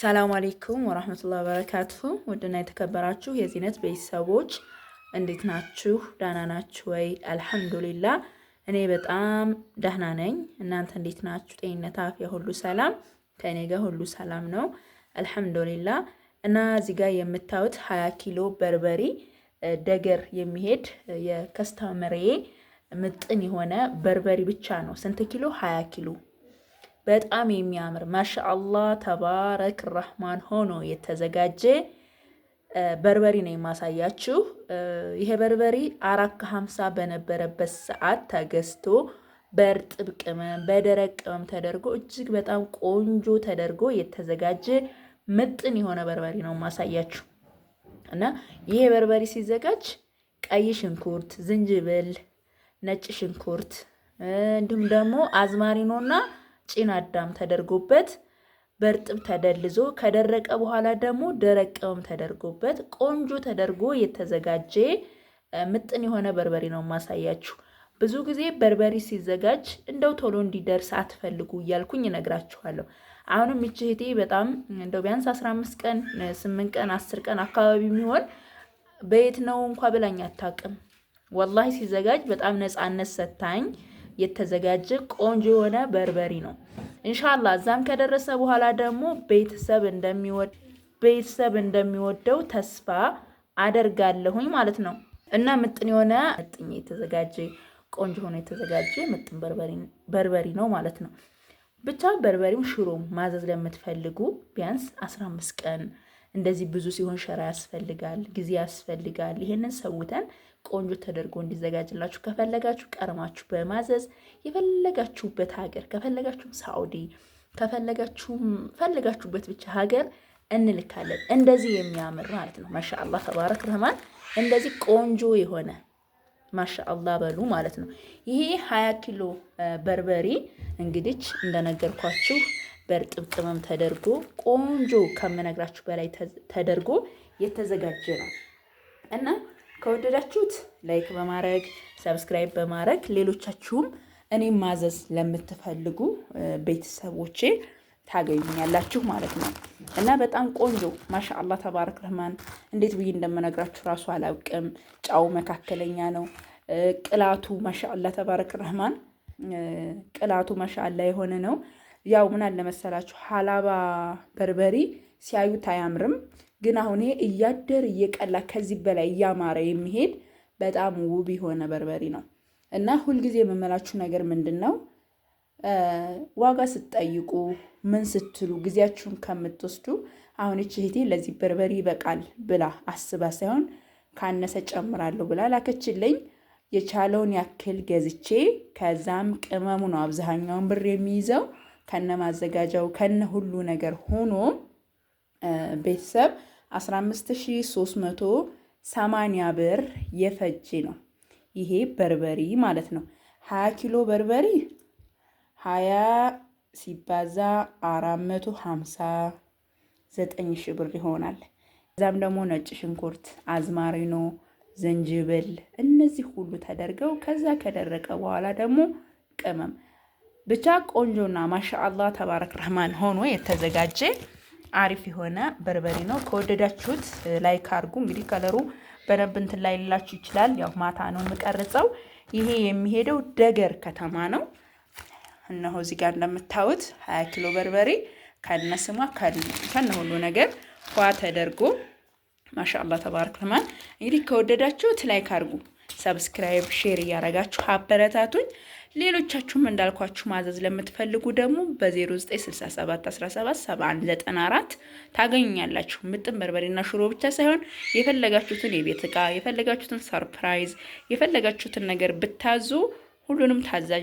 ሰላም አሌይኩም ወራህመቱላ በረካቱ ውድና የተከበራችሁ የዚነት ቤተሰቦች እንዴት ናችሁ? ዳህና ናችሁ ወይ? አልሐምዱሊላ እኔ በጣም ዳህና ነኝ። እናንተ እንዴት ናችሁ? ጤንነት፣ አፍያ ሁሉ ሰላም? ከእኔ ጋር ሁሉ ሰላም ነው አልሐምዱሊላ። እና እዚህ ጋር የምታዩት ሀያ ኪሎ በርበሬ ደገር የሚሄድ የከስተመሬ ምጥን የሆነ በርበሬ ብቻ ነው። ስንት ኪሎ? ሀያ ኪሎ በጣም የሚያምር ማሻአላ ተባረክ ራህማን ሆኖ የተዘጋጀ በርበሪ ነው የማሳያችሁ። ይሄ በርበሪ አራት ከሀምሳ በነበረበት ሰዓት ተገዝቶ በእርጥብ ቅመም በደረቅ ቅመም ተደርጎ እጅግ በጣም ቆንጆ ተደርጎ የተዘጋጀ ምጥን የሆነ በርበሪ ነው የማሳያችሁ እና ይሄ በርበሪ ሲዘጋጅ ቀይ ሽንኩርት፣ ዝንጅብል፣ ነጭ ሽንኩርት እንዲሁም ደግሞ አዝማሪኖና ጭን አዳም ተደርጎበት በእርጥብ ተደልዞ ከደረቀ በኋላ ደግሞ ደረቅ ቅመም ተደርጎበት ቆንጆ ተደርጎ የተዘጋጀ ምጥን የሆነ በርበሬ ነው የማሳያችሁ። ብዙ ጊዜ በርበሬ ሲዘጋጅ እንደው ቶሎ እንዲደርስ አትፈልጉ እያልኩኝ እነግራችኋለሁ። አሁንም ይቺ እህቴ በጣም እንደው ቢያንስ 15 ቀን 8 ቀን 10 ቀን አካባቢ የሚሆን በየት ነው እንኳ ብላኝ አታውቅም። ወላሂ ሲዘጋጅ በጣም ነፃነት ሰታኝ የተዘጋጀ ቆንጆ የሆነ በርበሪ ነው። እንሻላ እዛም ከደረሰ በኋላ ደግሞ ቤተሰብ እንደሚወድ ቤተሰብ እንደሚወደው ተስፋ አደርጋለሁኝ ማለት ነው እና ምጥን የሆነ ምጥኝ የተዘጋጀ ቆንጆ ሆኖ የተዘጋጀ ምጥን በርበሪ ነው ማለት ነው። ብቻ በርበሪም ሽሮም ማዘዝ ለምትፈልጉ ቢያንስ 15 ቀን እንደዚህ ብዙ ሲሆን ሸራ ያስፈልጋል፣ ጊዜ ያስፈልጋል። ይሄንን ሰውተን ቆንጆ ተደርጎ እንዲዘጋጅላችሁ ከፈለጋችሁ ቀርማችሁ በማዘዝ የፈለጋችሁበት ሀገር ከፈለጋችሁም ሳዑዲ ከፈለጋችሁም ፈለጋችሁበት ብቻ ሀገር እንልካለን። እንደዚህ የሚያምር ማለት ነው። ማሻአላ ተባረክ ረህማን። እንደዚህ ቆንጆ የሆነ ማሻአላ በሉ ማለት ነው። ይሄ ሀያ ኪሎ በርበሬ እንግዲች እንደነገርኳችሁ በእርጥብ ቅመም ተደርጎ ቆንጆ ከምነግራችሁ በላይ ተደርጎ የተዘጋጀ ነው እና ከወደዳችሁት ላይክ በማድረግ ሰብስክራይብ በማድረግ ሌሎቻችሁም እኔም ማዘዝ ለምትፈልጉ ቤተሰቦቼ ታገኙኛላችሁ ማለት ነው እና በጣም ቆንጆ ማሻአላ ተባረክ ረህማን። እንዴት ብዬ እንደምነግራችሁ ራሱ አላውቅም። ጫው መካከለኛ ነው። ቅላቱ ማሻአላ ተባረክ ረህማን፣ ቅላቱ ማሻአላ የሆነ ነው። ያው ምን አለ መሰላችሁ ሀላባ በርበሬ ሲያዩት አያምርም፣ ግን አሁን እያደር እየቀላ ከዚህ በላይ እያማረ የሚሄድ በጣም ውብ የሆነ በርበሬ ነው እና ሁልጊዜ የምመላችሁ ነገር ምንድን ነው ዋጋ ስትጠይቁ ምን ስትሉ ጊዜያችሁን ከምትወስዱ አሁን ይቺ እህቴ ለዚህ በርበሬ ይበቃል ብላ አስባ ሳይሆን ካነሰ ጨምራለሁ ብላ ላከችልኝ። የቻለውን ያክል ገዝቼ ከዛም ቅመሙ ነው አብዛኛውን ብር የሚይዘው ከነ ማዘጋጃው ከነ ሁሉ ነገር ሆኖ ቤተሰብ 15380 ብር የፈጅ ነው። ይሄ በርበሪ ማለት ነው። 20 ኪሎ በርበሪ 20 ሲባዛ 450 ሺህ ብር ይሆናል። እዛም ደግሞ ነጭ ሽንኩርት፣ አዝማሪኖ፣ ዝንጅብል እነዚህ ሁሉ ተደርገው ከዛ ከደረቀ በኋላ ደግሞ ቅመም ብቻ ቆንጆና ማሻአላ ተባረክ ረህማን ሆኖ የተዘጋጀ አሪፍ የሆነ በርበሬ ነው። ከወደዳችሁት ላይክ አድርጉ። እንግዲህ ከለሩ በደንብ እንትን ላይ ልላችሁ ይችላል። ያው ማታ ነው የምቀርጸው። ይሄ የሚሄደው ደገር ከተማ ነው። እነሆ እዚህ ጋር እንደምታዩት ሀያ ኪሎ በርበሬ ከነስሟ ከነ ሁሉ ነገር ዋ ተደርጎ ማሻአላ ተባረክ ረህማን። እንግዲህ ከወደዳችሁት ላይክ አድርጉ። ሰብስክራይብ፣ ሼር እያረጋችሁ አበረታቱኝ። ሌሎቻችሁም እንዳልኳችሁ ማዘዝ ለምትፈልጉ ደግሞ በ0967177194 ታገኛላችሁ። ምጥን በርበሬና ሽሮ ብቻ ሳይሆን የፈለጋችሁትን የቤት ዕቃ የፈለጋችሁትን ሰርፕራይዝ የፈለጋችሁትን ነገር ብታዙ ሁሉንም ታዛዥ